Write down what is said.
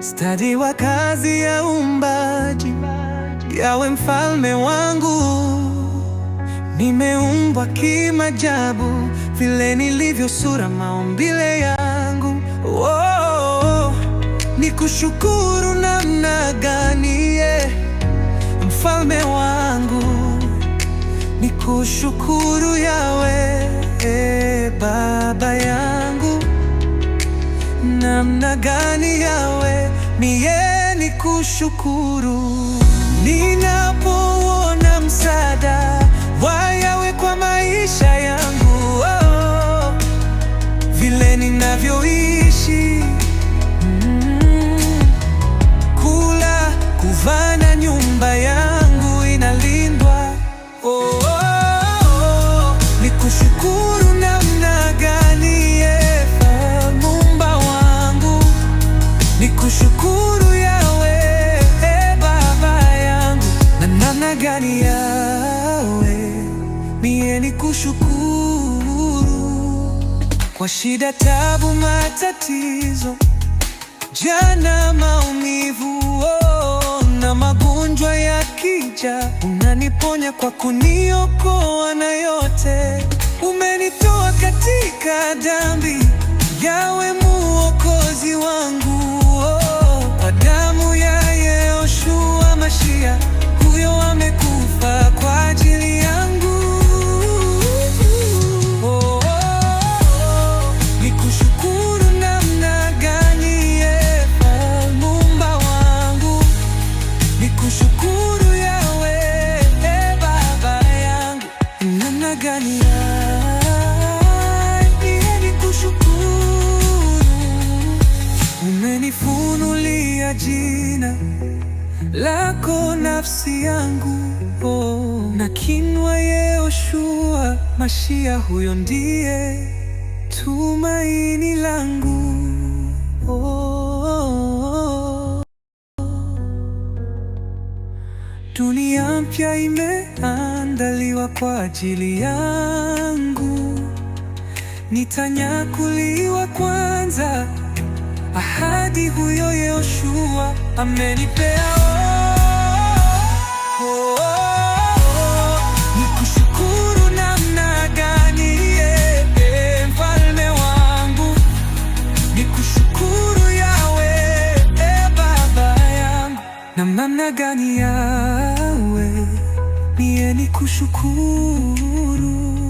stadi wa kazi ya umbaji, yawe mfalme wangu. Nimeumbwa kimajabu, vile nilivyo sura maumbile yangu. Oh, nikushukuru namna gani, ye mfalme wangu, nikushukuru yawe, e Baba yangu, namna gani yawe mie ni kushukuru ninapoona msaada nuru yawe e Baba yangu, na namna gani yawe mie ni kushukuru kwa shida, tabu, matatizo, jana, maumivu oh, na magonjwa ya kija, unaniponya kwa kuniokoa na yote umenitoa katika dhambi, yawe Mwokozi wangu. lako nafsi yangu oh. Na kinwa Yehoshua Mashia, huyo ndiye tumaini langu oh. Dunia mpya imeandaliwa kwa ajili yangu, nitanyakuliwa kwanza. Ahadi huyo Yehoshua amenipea oh. namna gani yawe, nieni kushukuru